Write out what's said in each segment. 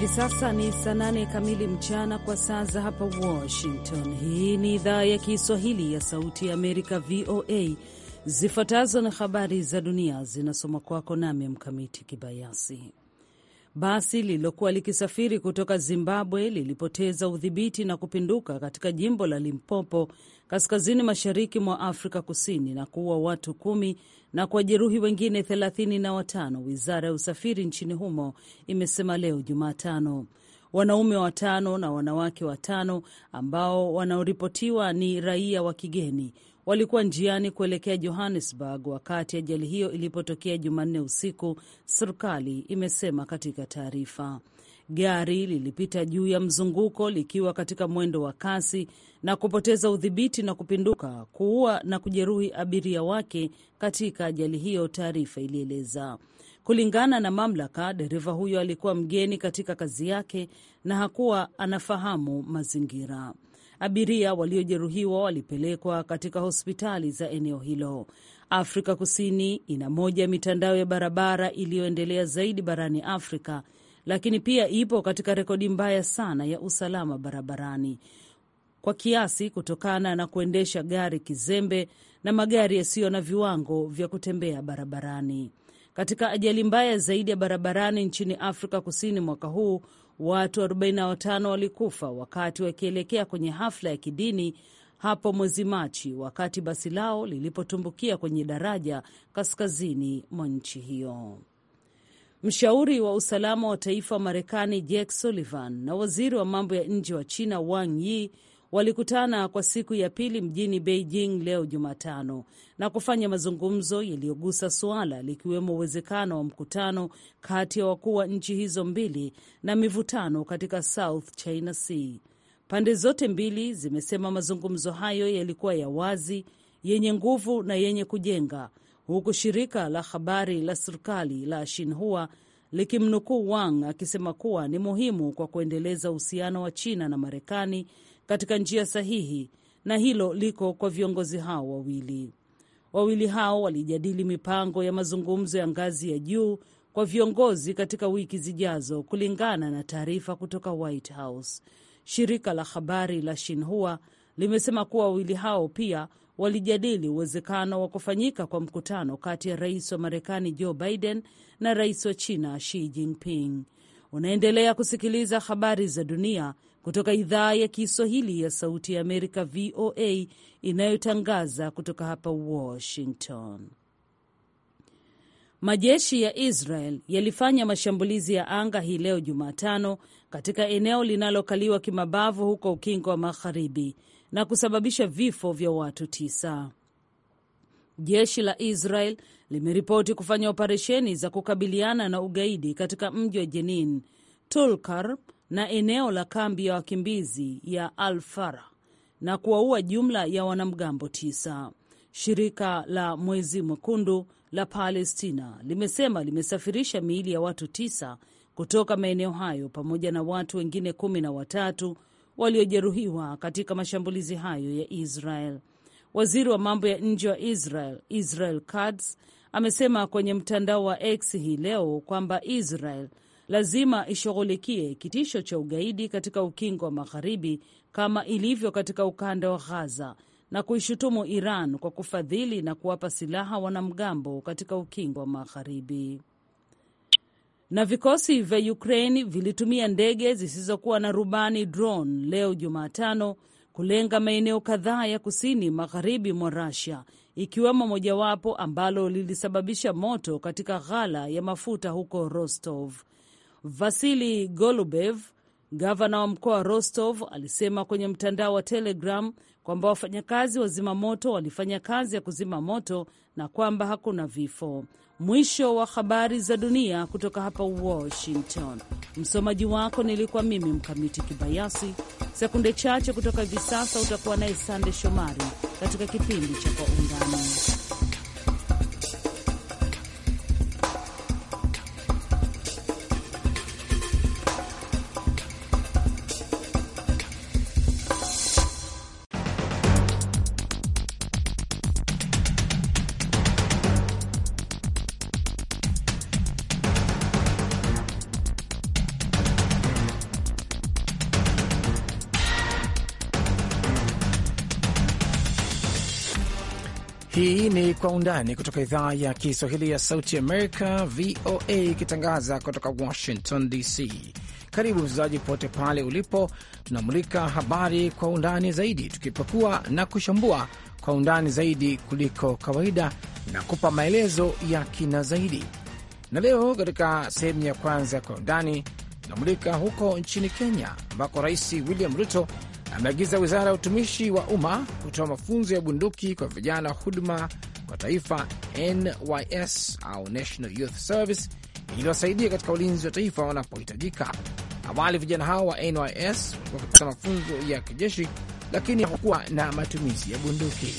Hivi sasa ni saa nane kamili mchana kwa saa za hapa Washington. Hii ni idhaa ya Kiswahili ya Sauti ya Amerika, VOA. Zifuatazo na habari za dunia zinasoma kwako nami Mkamiti Kibayasi. Basi lililokuwa likisafiri kutoka Zimbabwe lilipoteza udhibiti na kupinduka katika jimbo la Limpopo, kaskazini mashariki mwa Afrika Kusini, na kuua watu kumi na kwa jeruhi wengine 35, na watano, wizara ya usafiri nchini humo imesema leo Jumatano. Wanaume watano na wanawake watano ambao wanaoripotiwa ni raia wa kigeni walikuwa njiani kuelekea Johannesburg wakati ajali hiyo ilipotokea Jumanne usiku, serikali imesema katika taarifa. Gari lilipita juu ya mzunguko likiwa katika mwendo wa kasi na kupoteza udhibiti na kupinduka, kuua na kujeruhi abiria wake katika ajali hiyo, taarifa ilieleza. Kulingana na mamlaka, dereva huyo alikuwa mgeni katika kazi yake na hakuwa anafahamu mazingira. Abiria waliojeruhiwa walipelekwa katika hospitali za eneo hilo. Afrika Kusini ina moja ya mitandao ya barabara iliyoendelea zaidi barani Afrika, lakini pia ipo katika rekodi mbaya sana ya usalama barabarani kwa kiasi kutokana na kuendesha gari kizembe na magari yasiyo na viwango vya kutembea barabarani. Katika ajali mbaya zaidi ya barabarani nchini Afrika Kusini mwaka huu, watu 45 walikufa wakati wakielekea kwenye hafla ya kidini hapo mwezi Machi, wakati basi lao lilipotumbukia kwenye daraja kaskazini mwa nchi hiyo. Mshauri wa usalama wa taifa wa Marekani Jake Sullivan na waziri wa mambo ya nje wa China Wang Yi walikutana kwa siku ya pili mjini Beijing leo Jumatano na kufanya mazungumzo yaliyogusa suala likiwemo uwezekano wa mkutano kati ya wakuu wa nchi hizo mbili na mivutano katika South China Sea. Pande zote mbili zimesema mazungumzo hayo yalikuwa ya wazi, yenye nguvu na yenye kujenga huku shirika la habari la serikali la Shinhua likimnukuu Wang akisema kuwa ni muhimu kwa kuendeleza uhusiano wa China na Marekani katika njia sahihi, na hilo liko kwa viongozi hao wawili. Wawili hao walijadili mipango ya mazungumzo ya ngazi ya juu kwa viongozi katika wiki zijazo, kulingana na taarifa kutoka White House. Shirika la habari la Shinhua limesema kuwa wawili hao pia walijadili uwezekano wa kufanyika kwa mkutano kati ya rais wa Marekani Joe Biden na rais wa China Xi Jinping. Unaendelea kusikiliza habari za dunia kutoka idhaa ya Kiswahili ya Sauti ya Amerika, VOA, inayotangaza kutoka hapa Washington. Majeshi ya Israel yalifanya mashambulizi ya anga hii leo Jumatano katika eneo linalokaliwa kimabavu huko Ukingo wa Magharibi na kusababisha vifo vya watu tisa. Jeshi la Israel limeripoti kufanya operesheni za kukabiliana na ugaidi katika mji wa Jenin, Tulkar na eneo la kambi ya wakimbizi ya Al na kuwaua jumla ya wanamgambo tisa. Shirika la Mwezi Mwekundu la Palestina limesema limesafirisha miili ya watu tisa kutoka maeneo hayo pamoja na watu wengine kumi na watatu waliojeruhiwa katika mashambulizi hayo ya Israel. Waziri wa mambo ya nje wa Israel, Israel Katz, amesema kwenye mtandao wa X hii leo kwamba Israel lazima ishughulikie kitisho cha ugaidi katika ukingo wa Magharibi kama ilivyo katika ukanda wa Ghaza na kuishutumu Iran kwa kufadhili na kuwapa silaha wanamgambo katika ukingo wa Magharibi na vikosi vya Ukraine vilitumia ndege zisizokuwa na rubani drone leo Jumatano kulenga maeneo kadhaa ya kusini magharibi mwa Russia ikiwemo mojawapo ambalo lilisababisha moto katika ghala ya mafuta huko Rostov. Vasili Golubev, gavana wa mkoa wa Rostov, alisema kwenye mtandao wa Telegram kwamba wafanyakazi wa zimamoto walifanya kazi ya kuzima moto na kwamba hakuna vifo. Mwisho wa habari za dunia kutoka hapa Washington. Msomaji wako nilikuwa mimi Mkamiti Kibayasi. Sekunde chache kutoka hivi sasa utakuwa naye Sande Shomari katika kipindi cha Kwa Undani. undani kutoka idhaa ya Kiswahili ya Sauti Amerika, VOA, ikitangaza kutoka Washington DC. Karibu msikilizaji, popote pale ulipo, tunamulika habari kwa undani zaidi, tukipekua na kuchambua kwa undani zaidi kuliko kawaida na kupa maelezo ya kina zaidi. Na leo katika sehemu ya kwanza kwa undani tunamulika huko nchini Kenya, ambako Rais William Ruto ameagiza wizara ya utumishi wa umma kutoa mafunzo ya bunduki kwa vijana wa huduma kwa taifa NYS au National Youth Service iliwasaidia katika ulinzi wa taifa wanapohitajika. Awali vijana hao wa NYS walikuwa katika mafunzo ya kijeshi, lakini hakukuwa na matumizi ya bunduki.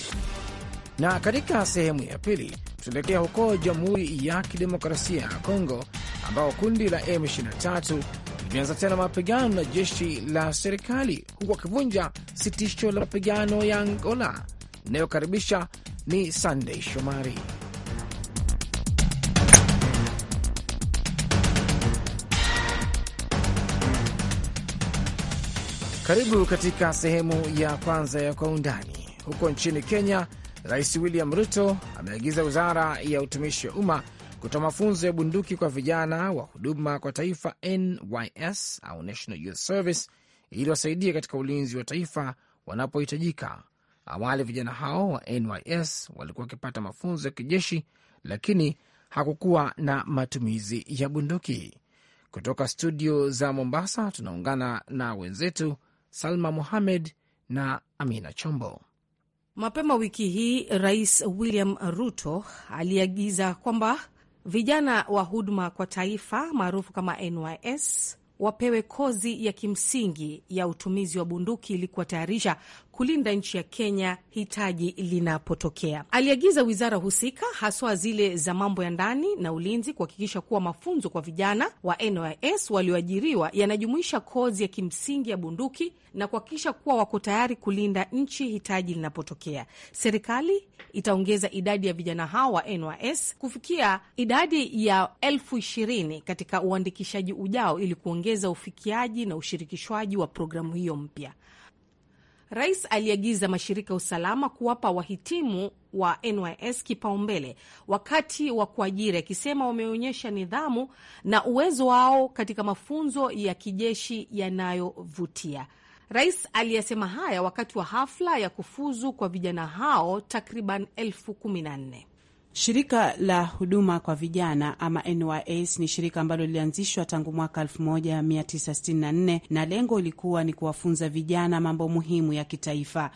Na katika sehemu ya pili tutaelekea huko Jamhuri ya Kidemokrasia ya Kongo, ambao kundi la M23 limeanza tena mapigano na jeshi la serikali, huku wakivunja sitisho la mapigano ya Angola inayokaribisha ni sandey Shomari. Karibu katika sehemu ya kwanza ya kwa undani. Huko nchini Kenya, Rais William Ruto ameagiza wizara ya utumishi wa umma kutoa mafunzo ya bunduki kwa vijana wa huduma kwa taifa NYS au National Youth Service ili wasaidie katika ulinzi wa taifa wanapohitajika, Awali vijana hao wa NYS walikuwa wakipata mafunzo ya kijeshi, lakini hakukuwa na matumizi ya bunduki. Kutoka studio za Mombasa tunaungana na wenzetu Salma muhamed na Amina Chombo. Mapema wiki hii Rais William Ruto aliagiza kwamba vijana wa huduma kwa taifa maarufu kama NYS wapewe kozi ya kimsingi ya utumizi wa bunduki ili kuwatayarisha kulinda nchi ya Kenya hitaji linapotokea. Aliagiza wizara husika, haswa zile za mambo ya ndani na ulinzi, kuhakikisha kuwa mafunzo kwa vijana wa NYS walioajiriwa yanajumuisha kozi ya kimsingi ya bunduki na kuhakikisha kuwa wako tayari kulinda nchi hitaji linapotokea. Serikali itaongeza idadi ya vijana hao wa NYS kufikia idadi ya elfu ishirini katika uandikishaji ujao ili kuongeza ufikiaji na ushirikishwaji wa programu hiyo mpya. Rais aliagiza mashirika ya usalama kuwapa wahitimu wa NYS kipaumbele wakati wa kuajiri, akisema wameonyesha nidhamu na uwezo wao katika mafunzo ya kijeshi yanayovutia. Rais aliyasema haya wakati wa hafla ya kufuzu kwa vijana hao takriban elfu kumi na nne. Shirika la huduma kwa vijana ama NYS ni shirika ambalo lilianzishwa tangu mwaka 1964 na lengo ilikuwa ni kuwafunza vijana mambo muhimu ya kitaifa.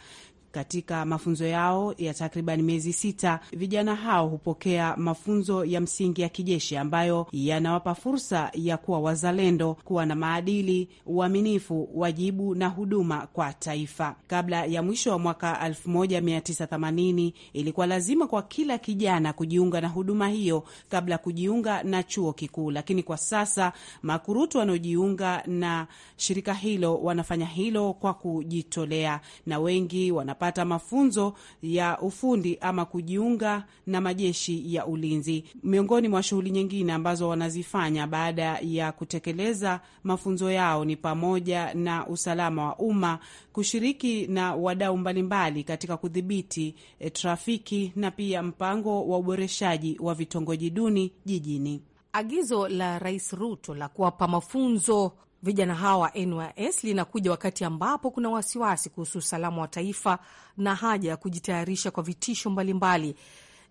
Katika mafunzo yao ya takriban miezi sita, vijana hao hupokea mafunzo ya msingi ya kijeshi ambayo yanawapa fursa ya kuwa wazalendo, kuwa na maadili, uaminifu, wajibu na huduma kwa taifa. Kabla ya mwisho wa mwaka 1980 ilikuwa lazima kwa kila kijana kujiunga na huduma hiyo kabla ya kujiunga na chuo kikuu, lakini kwa sasa makurutu wanaojiunga na shirika hilo wanafanya hilo kwa kujitolea na wengi wana watapata mafunzo ya ufundi ama kujiunga na majeshi ya ulinzi. Miongoni mwa shughuli nyingine ambazo wanazifanya baada ya kutekeleza mafunzo yao ni pamoja na usalama wa umma, kushiriki na wadau mbalimbali katika kudhibiti e, trafiki na pia mpango wa uboreshaji wa vitongoji duni jijini. Agizo la Rais Ruto la kuwapa mafunzo vijana hawa wa NYS linakuja wakati ambapo kuna wasiwasi kuhusu usalama wa taifa na haja ya kujitayarisha kwa vitisho mbalimbali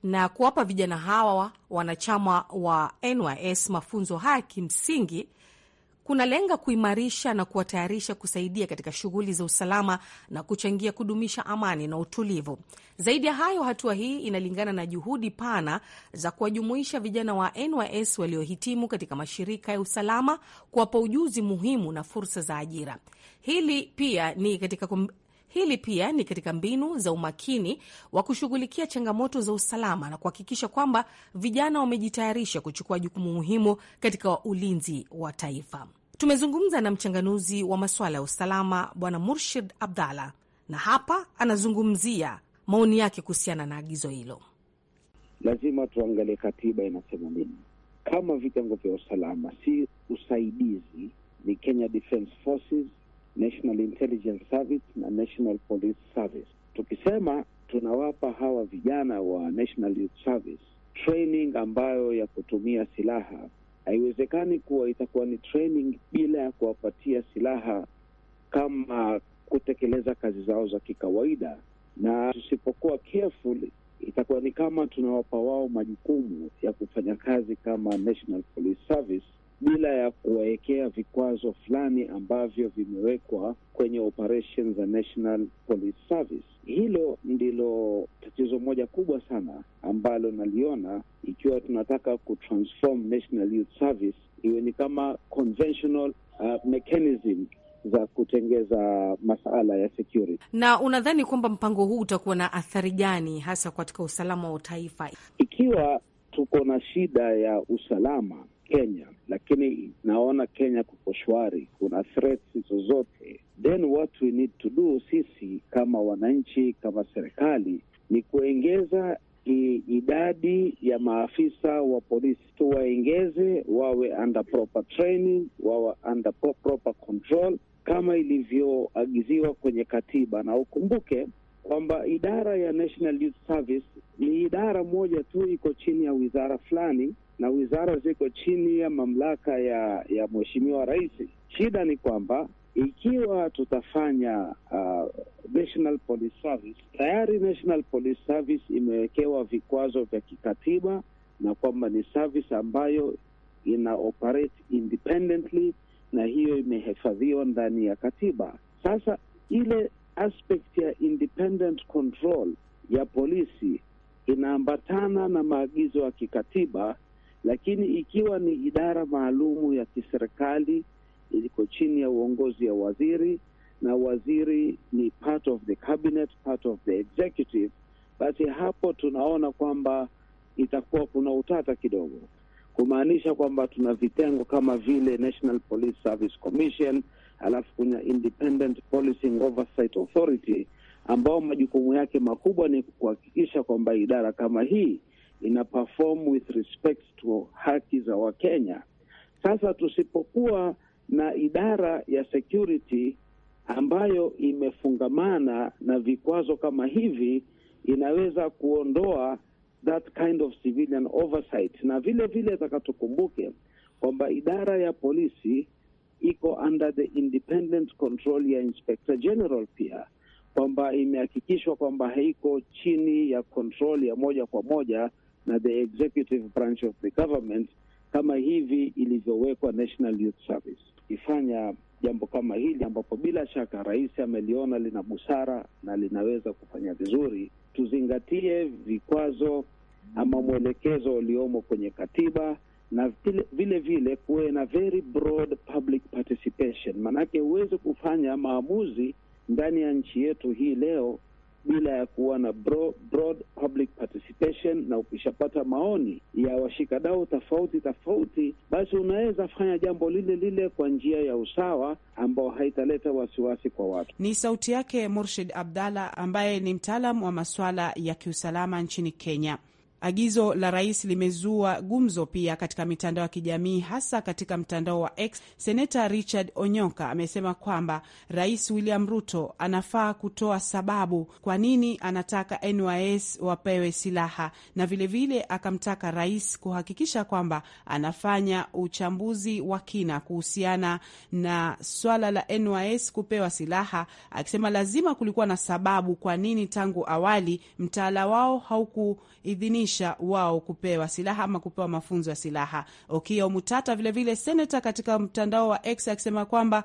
na kuwapa vijana hawa wanachama wa NYS mafunzo haya kimsingi kunalenga kuimarisha na kuwatayarisha kusaidia katika shughuli za usalama na kuchangia kudumisha amani na utulivu. Zaidi ya hayo, hatua hii inalingana na juhudi pana za kuwajumuisha vijana wa NYS waliohitimu katika mashirika ya usalama, kuwapa ujuzi muhimu na fursa za ajira. Hili pia ni katika kum... Hili pia ni katika mbinu za umakini wa kushughulikia changamoto za usalama na kuhakikisha kwamba vijana wamejitayarisha kuchukua jukumu muhimu katika ulinzi wa taifa. Tumezungumza na mchanganuzi wa masuala ya usalama Bwana Murshid Abdalla, na hapa anazungumzia maoni yake kuhusiana na agizo hilo. Lazima tuangalie katiba inasema nini. Kama vitengo vya usalama si usaidizi, ni Kenya Defence Forces, National Intelligence Service na National Police Service. Tukisema tunawapa hawa vijana wa National Youth Service training ambayo ya kutumia silaha haiwezekani kuwa itakuwa ni training bila ya kuwapatia silaha kama kutekeleza kazi zao za kikawaida, na tusipokuwa careful itakuwa ni kama tunawapa wao majukumu ya kufanya kazi kama National Police Service bila ya kuwawekea vikwazo fulani ambavyo vimewekwa kwenye operation za National Police Service. Hilo ndilo tatizo moja kubwa sana ambalo naliona, ikiwa tunataka kutransform National Youth Service iwe ni kama conventional uh, mechanism za kutengeza masuala ya security. Na unadhani kwamba mpango huu utakuwa na athari gani hasa katika usalama wa taifa? Ikiwa tuko na shida ya usalama Kenya lakini naona Kenya kuko shwari, kuna threats zozote. Then what we need to do sisi kama wananchi, kama serikali ni kuengeza idadi ya maafisa wa polisi tuwaengeze, wawe under proper training, wawe under proper control kama ilivyoagiziwa kwenye katiba, na ukumbuke kwamba idara ya National Youth Service ni idara moja tu, iko chini ya wizara fulani na wizara ziko chini ya mamlaka ya ya mheshimiwa rais. Shida ni kwamba ikiwa tutafanya uh, National Police Service, tayari National Police Service imewekewa vikwazo vya kikatiba na kwamba ni service ambayo ina operate independently na hiyo imehifadhiwa ndani ya katiba. Sasa ile aspect ya independent control ya polisi inaambatana na maagizo ya kikatiba lakini ikiwa ni idara maalumu ya kiserikali iliko chini ya uongozi ya waziri na waziri ni part of the cabinet, part of the executive, basi hapo tunaona kwamba itakuwa kuna utata kidogo, kumaanisha kwamba tuna vitengo kama vile National Police Service Commission, alafu kuna Independent Policing Oversight Authority ambao majukumu yake makubwa ni kuhakikisha kwamba idara kama hii ina perform with respect to haki za Wakenya. Sasa tusipokuwa na idara ya security ambayo imefungamana na vikwazo kama hivi, inaweza kuondoa that kind of civilian oversight. Na vile vile takatukumbuke kwamba idara ya polisi iko under the independent control ya Inspector General pia kwamba imehakikishwa kwamba haiko chini ya control ya moja kwa moja na the executive branch of the government, kama hivi ilivyowekwa National Youth Service ifanya jambo kama hili ambapo bila shaka rais ameliona lina busara na linaweza kufanya vizuri. Tuzingatie vikwazo ama mwelekezo uliomo kwenye katiba na vile vile, vile kuwe na very broad public participation, maanake huwezi kufanya maamuzi ndani ya nchi yetu hii leo bila ya kuwa na broad, broad public participation, na ukishapata maoni ya washikadau tofauti tofauti, basi unaweza fanya jambo lile lile kwa njia ya usawa ambao haitaleta wasiwasi kwa watu. Ni sauti yake Murshid Abdalla ambaye ni mtaalam wa masuala ya kiusalama nchini Kenya. Agizo la rais limezua gumzo pia katika mitandao ya kijamii, hasa katika mtandao wa X. Seneta Richard Onyoka amesema kwamba Rais William Ruto anafaa kutoa sababu kwa nini anataka NYS wapewe silaha, na vilevile vile akamtaka rais kuhakikisha kwamba anafanya uchambuzi wa kina kuhusiana na swala la NYS kupewa silaha, akisema lazima kulikuwa na sababu kwa nini tangu awali mtaala wao haukuidhinisha kusababisha wao kupewa silaha ama kupewa mafunzo ya silaha. Okiya Omutata vilevile seneta katika mtandao wa X akisema kwamba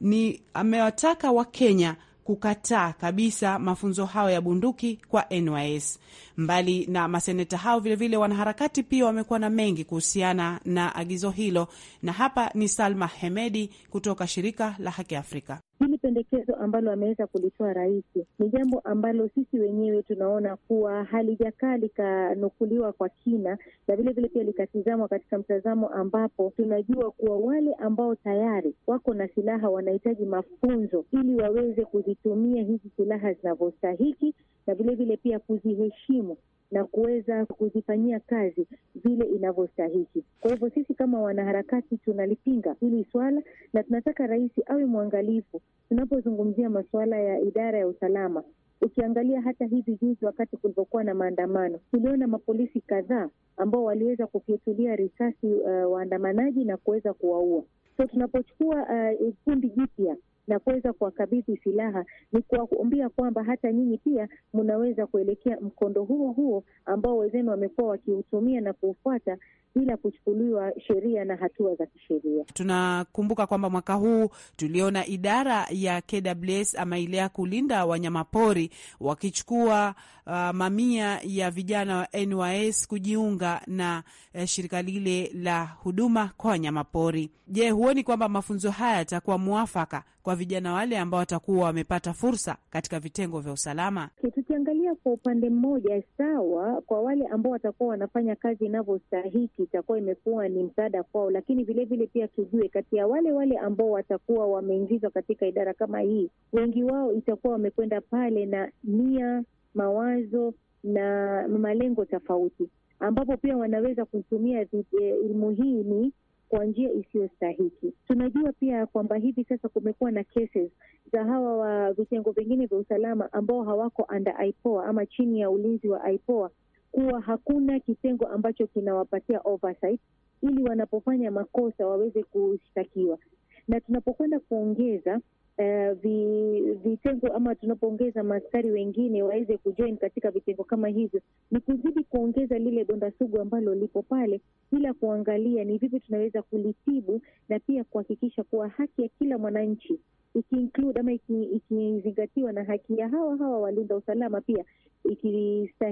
ni amewataka Wakenya kukataa kabisa mafunzo hayo ya bunduki kwa NYS. Mbali na maseneta hao, vilevile wanaharakati pia wamekuwa na mengi kuhusiana na agizo hilo, na hapa ni Salma Hemedi kutoka shirika la Haki Afrika. Hili pendekezo ambalo ameweza kulitoa rais ni jambo ambalo sisi wenyewe tunaona kuwa halijakaa likanukuliwa kwa kina, na vilevile pia likatizamwa katika mtazamo ambapo tunajua kuwa wale ambao tayari wako na silaha wanahitaji mafunzo ili waweze kuzitumia hizi silaha zinavyostahiki na vile pia kuziheshimu na kuweza kuzifanyia kazi vile inavyostahiki. Kwa hivyo sisi kama wanaharakati tunalipinga hili swala na tunataka rais awe mwangalifu tunapozungumzia masuala ya idara ya usalama. Ukiangalia hata hivi juzi, wakati kulivyokuwa na maandamano, tuliona mapolisi kadhaa ambao waliweza kufyatulia risasi uh, waandamanaji na kuweza kuwaua. So tunapochukua uh, kundi jipya na kuweza kuwakabidhi silaha, ni kuwaambia kwamba hata nyinyi pia mnaweza kuelekea mkondo huo huo ambao wenzenu wamekuwa wakiutumia na kuufuata bila kuchukuliwa sheria na hatua za kisheria. Tunakumbuka kwamba mwaka huu tuliona idara ya KWS ama ile ya kulinda wanyamapori wakichukua uh, mamia ya vijana wa NYS kujiunga na uh, shirika lile la huduma kwa wanyamapori. Je, huoni kwamba mafunzo haya yatakuwa mwafaka kwa vijana wale ambao watakuwa wamepata fursa katika vitengo vya usalama? Kitu ukiangalia kwa upande mmoja, sawa, kwa wale ambao watakuwa wanafanya kazi inavyostahiki itakuwa imekuwa ni msaada kwao, lakini vilevile pia tujue, kati ya wale wale ambao watakuwa wameingizwa katika idara kama hii, wengi wao itakuwa wamekwenda pale na nia, mawazo na malengo tofauti, ambapo pia wanaweza kutumia eh, elimu hii ni kwa njia isiyo stahiki Tunajua pia kwamba hivi sasa kumekuwa na cases za hawa wa vitengo vingine vya usalama ambao hawako under IPOA ama chini ya ulinzi wa IPOA, kuwa hakuna kitengo ambacho kinawapatia oversight ili wanapofanya makosa waweze kushtakiwa, na tunapokwenda kuongeza Eh, vitengo ama tunapoongeza maaskari wengine waweze kujoin katika vitengo kama hivyo, ni kuzidi kuongeza lile donda sugu ambalo lipo pale, bila kuangalia ni vipi tunaweza kulitibu na pia kuhakikisha kuwa haki ya kila mwananchi ikiinclude ama ikizingatiwa iki na haki ya hawa hawa walinda usalama pia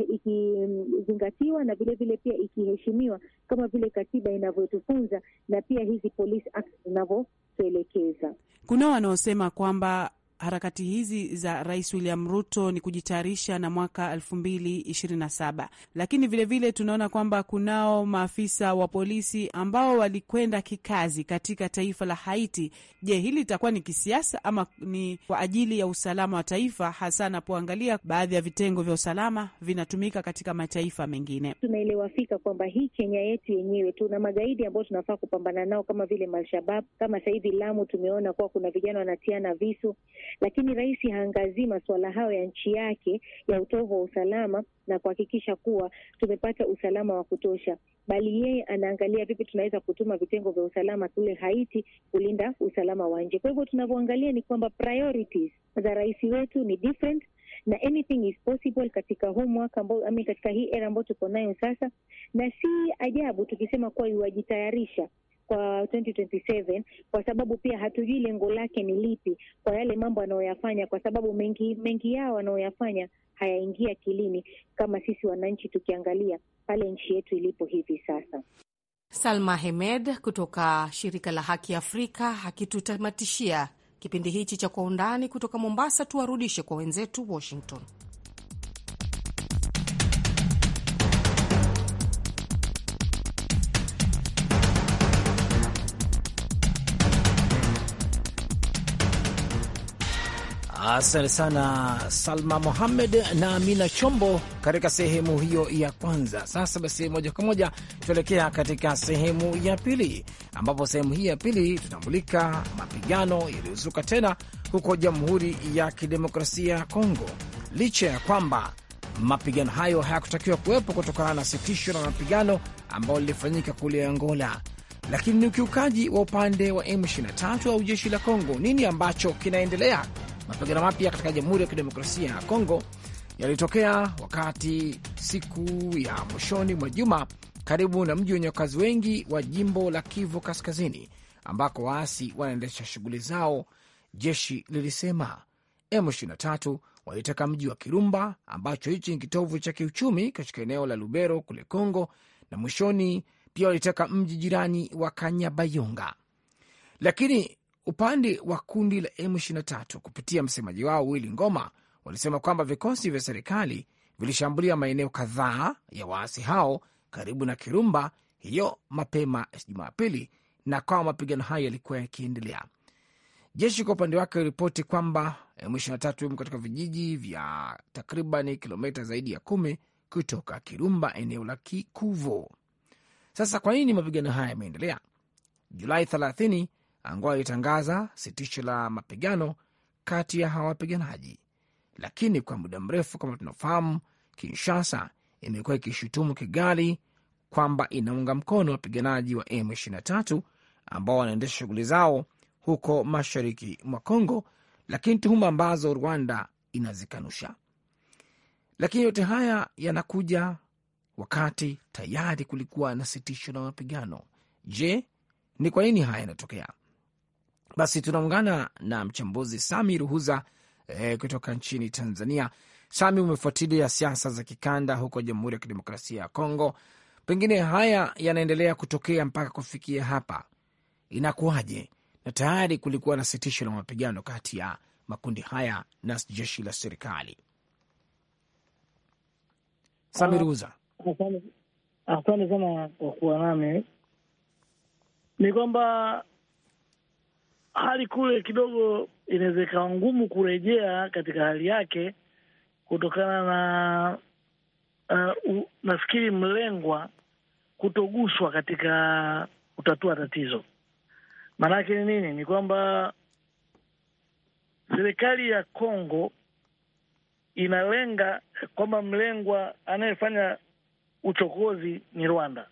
ikizingatiwa iki na vilevile pia ikiheshimiwa kama vile katiba inavyotufunza na pia hizi police acts zinavyotuelekeza. Kuna wanaosema kwamba harakati hizi za Rais William Ruto ni kujitayarisha na mwaka 2027, lakini vilevile vile tunaona kwamba kunao maafisa wa polisi ambao walikwenda kikazi katika taifa la Haiti. Je, hili litakuwa ni kisiasa ama ni kwa ajili ya usalama wa taifa, hasa anapoangalia baadhi ya vitengo vya usalama vinatumika katika mataifa mengine? Tunaelewa fika kwamba hii Kenya yetu yenyewe tuna magaidi ambao tunafaa kupambana nao kama vile malshabab Kama sahivi Lamu tumeona kuwa kuna vijana wanatiana visu lakini rais haangazii masuala hayo ya nchi yake ya utovu wa usalama na kuhakikisha kuwa tumepata usalama wa kutosha, bali yeye anaangalia vipi tunaweza kutuma vitengo vya usalama kule Haiti kulinda usalama wa nje. Kwa hivyo tunavyoangalia ni kwamba priorities za rais wetu ni different na anything is possible katika huu mwaka ambao katika hii era ambayo tuko nayo sasa, na si ajabu tukisema kuwa iwajitayarisha kwa 2027 kwa sababu pia hatujui lengo lake ni lipi kwa yale mambo anayoyafanya, kwa sababu mengi mengi yao anayoyafanya hayaingia kilini kama sisi wananchi tukiangalia pale nchi yetu ilipo hivi sasa. Salma Hemed kutoka shirika la Haki Afrika akitutamatishia kipindi hichi cha Kwa Undani kutoka Mombasa. Tuwarudishe kwa wenzetu Washington. Asante sana Salma Mohamed na Amina Chombo katika sehemu hiyo ya kwanza. Sasa basi, moja kwa moja tuelekea katika sehemu ya pili, ambapo sehemu hii ya pili tunamulika mapigano yaliyozuka tena huko Jamhuri ya Kidemokrasia ya Kongo, licha ya kwamba mapigano hayo hayakutakiwa kuwepo kutokana na sitisho la mapigano ambayo lilifanyika kule Angola, lakini ni ukiukaji wa upande wa M23 au jeshi la Kongo. Nini ambacho kinaendelea Mapigano mapya katika Jamhuri ya Kidemokrasia ya Kongo yalitokea wakati siku ya mwishoni mwa juma karibu na mji wenye wakazi wengi wa jimbo la Kivu Kaskazini ambako waasi wanaendesha shughuli zao, jeshi lilisema. M23 waliteka mji wa Kirumba, ambacho hichi ni kitovu cha kiuchumi katika eneo la Lubero kule Kongo, na mwishoni pia waliteka mji jirani wa Kanyabayonga. Lakini Upande wa kundi la M23 kupitia msemaji wao Willy Ngoma walisema kwamba vikosi vya serikali vilishambulia maeneo kadhaa ya waasi hao karibu na Kirumba hiyo mapema Jumapili, na kwamba mapigano hayo yalikuwa yakiendelea. Jeshi kwa upande wake ripoti kwamba M23 imo katika vijiji vya takriban kilomita zaidi ya kumi kutoka Kirumba, eneo la Kikuvo. Sasa kwa nini mapigano haya yameendelea? Julai Angola ilitangaza sitisho la mapigano kati ya hawa wapiganaji, lakini kwa muda mrefu, kama tunafahamu, Kinshasa imekuwa ikishutumu Kigali kwamba inaunga mkono wapiganaji wa M23 ambao wanaendesha shughuli zao huko mashariki mwa congo lakini tuhuma ambazo Rwanda inazikanusha. Lakini yote haya yanakuja wakati tayari kulikuwa na sitisho la mapigano. Je, ni kwa nini haya yanatokea? Basi tunaungana na mchambuzi Sami Ruhuza e, kutoka nchini Tanzania. Sami, umefuatilia siasa za kikanda huko Jamhuri ya Kidemokrasia ya Kongo, pengine haya yanaendelea kutokea mpaka kufikia hapa, inakuwaje? Na tayari kulikuwa na sitisho la mapigano kati ya makundi haya na jeshi la serikali. Sami Ruhuza, ah, asante sana kwa kuwa nami. Ni kwamba hali kule kidogo inaweza ikawa ngumu kurejea katika hali yake kutokana na uh, u, nafikiri mlengwa kutoguswa katika kutatua tatizo. yake ni nini? Ni kwamba serikali ya Kongo inalenga kwamba mlengwa anayefanya uchokozi ni Rwanda.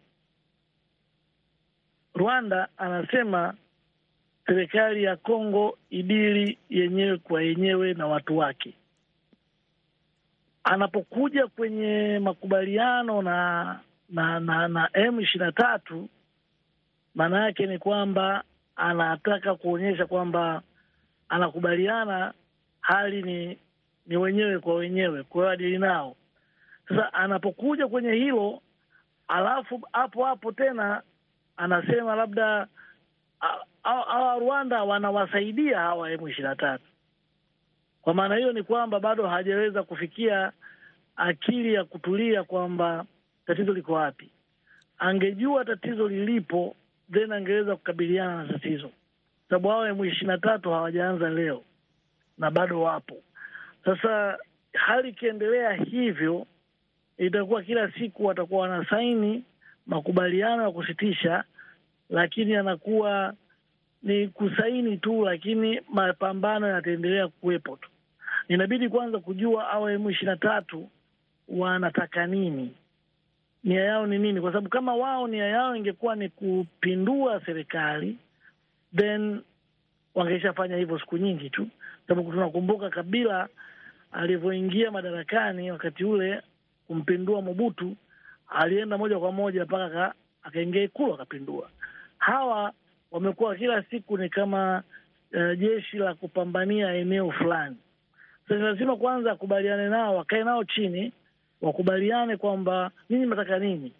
Rwanda anasema serikali ya Kongo idili yenyewe kwa yenyewe na watu wake. Anapokuja kwenye makubaliano na na na, na M ishirini na tatu, maana yake ni kwamba anataka kuonyesha kwamba anakubaliana, hali ni ni wenyewe kwa wenyewe, kwa hiyo adili nao. Sasa anapokuja kwenye hilo, alafu hapo hapo tena anasema labda hawa Rwanda wanawasaidia hawa M ishirini na tatu. Kwa maana hiyo ni kwamba bado hajaweza kufikia akili ya kutulia kwamba tatizo liko wapi. Angejua tatizo lilipo, then angeweza kukabiliana na tatizo, sababu hawa M ishirini na tatu hawajaanza leo na bado wapo. Sasa hali ikiendelea hivyo, itakuwa kila siku watakuwa wanasaini makubaliano ya kusitisha, lakini anakuwa ni kusaini tu, lakini mapambano yataendelea kuwepo tu. Inabidi kwanza kujua hawa emu ishirini na tatu wanataka nini, nia yao ni nini, kwa sababu kama wao nia yao ingekuwa ni kupindua serikali then wangeshafanya hivyo siku nyingi tu, sababu tunakumbuka Kabila alivyoingia madarakani wakati ule kumpindua Mobutu, alienda moja kwa moja mpaka akaingia Ikulu akapindua. Hawa wamekuwa kila siku ni kama uh, jeshi la kupambania eneo fulani. Sasa so, lazima kwanza akubaliane nao, wakae nao chini, wakubaliane kwamba nini mnataka nini,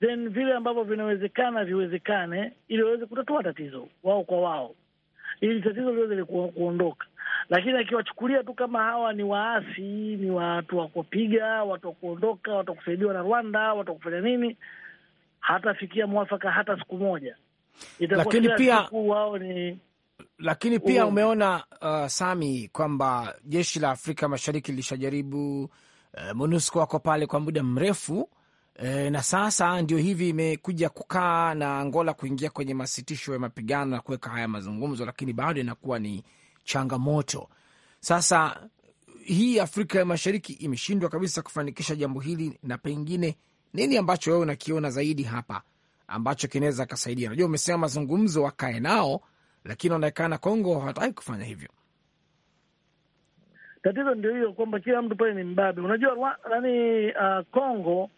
then vile ambavyo vinawezekana viwezekane, ili waweze kutatua tatizo wao kwa wao, ili tatizo liweze kuondoka. Lakini akiwachukulia tu kama hawa ni waasi, ni watu wa kupiga, watu wa kuondoka, watu wa kusaidiwa na Rwanda, watu wa kufanya nini, hatafikia mwafaka hata siku moja lakini pia wao ni lakini pia umeona uh, Sami, kwamba jeshi la Afrika Mashariki lilishajaribu uh, MONUSCO wako pale kwa muda mrefu uh, na sasa ndio hivi imekuja kukaa na Angola kuingia kwenye masitisho ya mapigano na kuweka haya mazungumzo, lakini bado inakuwa ni changamoto. Sasa hii Afrika ya Mashariki imeshindwa kabisa kufanikisha jambo hili, na pengine nini ambacho wewe unakiona zaidi hapa ambacho kinaweza kasaidia. Najua umesema mazungumzo wakae nao, lakini wanaonekana Kongo hawataki kufanya hivyo. Tatizo ndio hiyo kwamba kila mtu pale ni mbabe. Unajua nani, uh, Kongo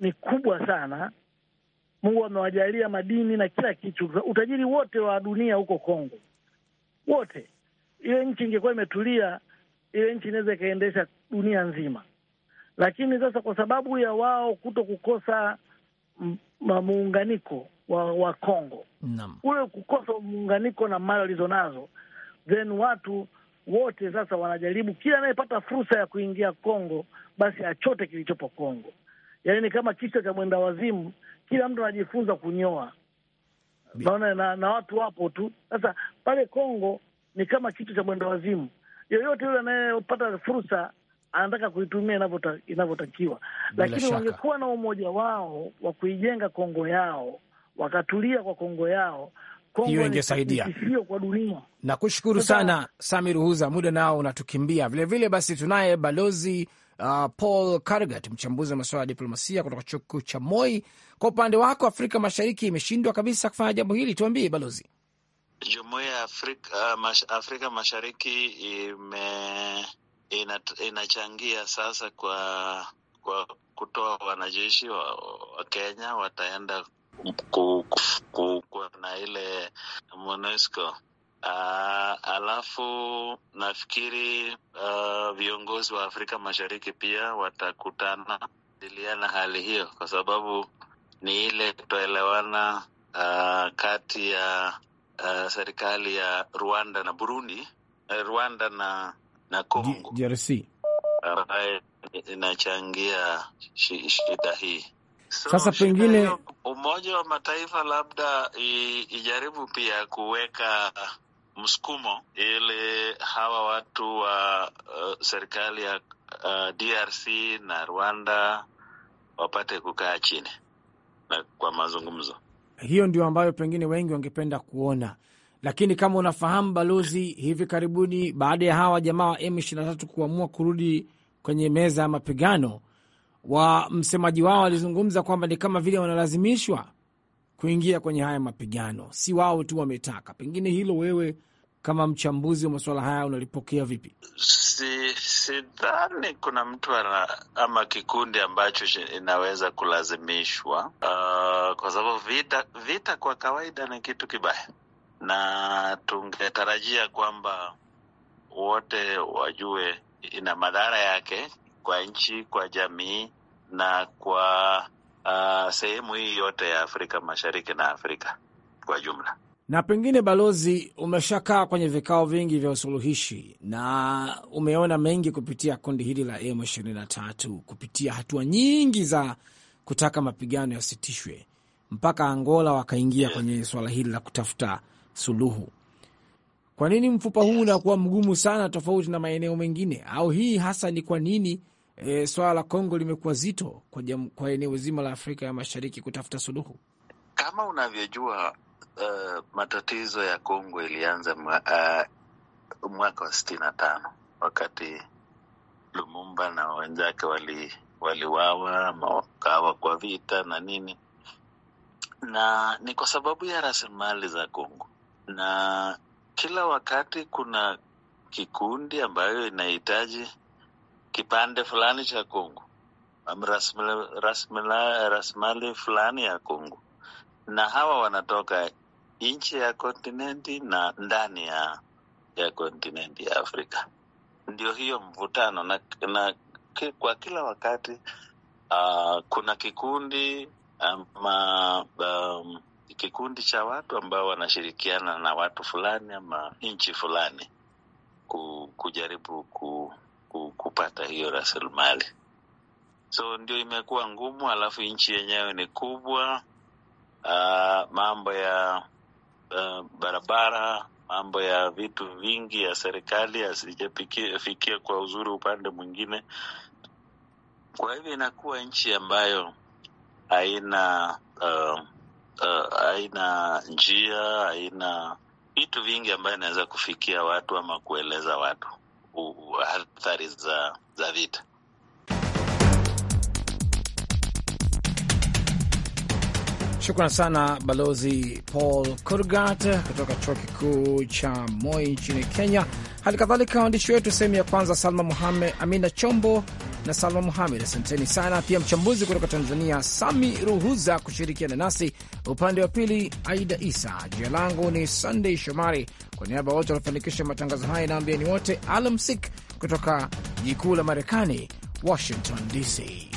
ni kubwa sana. Mungu amewajalia madini na kila kitu, utajiri wote wa dunia huko Kongo wote. Ile nchi ingekuwa imetulia, ile nchi inaweza ikaendesha dunia nzima, lakini sasa kwa sababu ya wao kuto kukosa muunganiko wa, wa Kongo Naam. ule kukosa muunganiko na mali nazo then watu wote sasa wanajaribu, kila anayepata fursa ya kuingia Kongo basi achote kilichopo Kongo. Yaani ni kama kichwa cha mwenda wazimu, kila mtu anajifunza kunyoa naona na, na watu wapo tu sasa pale Kongo ni kama kichwa cha mwenda wazimu, yoyote yule anayepata fursa anataka kuitumia inavyotakiwa, lakini wangekuwa na umoja wao wa kuijenga Kongo yao, wakatulia kwa Kongo yao hiyo ingesaidia. Nakushukuru sana Sami Ruhuza, muda nao unatukimbia vilevile vile. Basi tunaye balozi uh, Paul Kargat, mchambuzi wa masuala ya diplomasia kutoka chuo kikuu cha Moi. Kwa upande wako, Afrika Mashariki imeshindwa kabisa kufanya jambo hili, tuambie balozi. Jumuiya ya Afrika, uh, Afrika Mashariki ime inachangia sasa kwa kwa kutoa wanajeshi wa, wa Kenya wataenda kukuwa na ile MONUSCO. Uh, alafu nafikiri uh, viongozi wa Afrika Mashariki pia watakutana diliana hali hiyo, kwa sababu ni ile kutoelewana uh, kati ya uh, serikali ya Rwanda na Burundi, eh, Rwanda na na Kongo DRC ambaye inachangia shida hii. So, sasa pengine Umoja wa Mataifa labda ijaribu pia kuweka msukumo ili hawa watu wa uh, serikali ya uh, DRC na Rwanda wapate kukaa chini na kwa mazungumzo. Hiyo ndio ambayo pengine wengi wangependa kuona lakini kama unafahamu, balozi, hivi karibuni baada ya hawa jamaa wa M23 kuamua kurudi kwenye meza ya mapigano, wa msemaji wao walizungumza kwamba ni kama vile wanalazimishwa kuingia kwenye haya mapigano, si wao tu wametaka. Pengine hilo wewe kama mchambuzi wa masuala haya unalipokea vipi? Sidhani si kuna mtu ana, ama kikundi ambacho inaweza kulazimishwa uh, kwa sababu vita, vita kwa kawaida ni kitu kibaya na tungetarajia kwamba wote wajue ina madhara yake kwa nchi, kwa jamii na kwa uh, sehemu hii yote ya Afrika Mashariki na Afrika kwa jumla. Na pengine, balozi, umeshakaa kwenye vikao vingi vya usuluhishi na umeona mengi kupitia kundi hili la M23, kupitia hatua nyingi za kutaka mapigano yasitishwe mpaka Angola wakaingia kwenye swala hili la kutafuta suluhu. Kwa nini mfupa huu unakuwa mgumu sana tofauti na maeneo mengine? Au hii hasa ni kwa nini e, swala la Kongo limekuwa zito kwa, kwa eneo zima la Afrika ya Mashariki kutafuta suluhu? Kama unavyojua uh, matatizo ya Kongo ilianza uh, mwaka wa sitini na tano wakati Lumumba na wenzake waliwawa wali kwa vita na nini, na ni kwa sababu ya rasilimali za Kongo na kila wakati kuna kikundi ambayo inahitaji kipande fulani cha Kongo rasilimali fulani ya Kongo, na hawa wanatoka nchi ya kontinenti na ndani ya ya kontinenti ya Afrika. Ndio hiyo mvutano na, na kwa kila wakati uh, kuna kikundi ama um, um, kikundi cha watu ambao wanashirikiana na watu fulani ama nchi fulani kujaribu ku, ku, kupata hiyo rasilimali. So ndio imekuwa ngumu, alafu nchi yenyewe ni kubwa. Uh, mambo ya uh, barabara, mambo ya vitu vingi ya serikali asijafikia kwa uzuri upande mwingine. Kwa hivyo inakuwa nchi ambayo haina uh, Uh, haina uh, njia haina vitu vingi ambayo inaweza kufikia watu ama kueleza watu athari za, za vita. Shukran sana Balozi Paul Kurgat kutoka chuo kikuu cha Moi nchini Kenya. Hali kadhalika waandishi wetu sehemu ya kwanza Salma Muhamed, Amina Chombo na Salma Muhamed. Asanteni sana pia mchambuzi kutoka Tanzania Sami Ruhuza kushirikiana nasi upande wa pili, Aida Isa. Jina langu ni Sunday Shomari, kwa niaba ya wote waliofanikisha matangazo haya inaambia ni wote alamsik, kutoka jikuu la Marekani, Washington DC.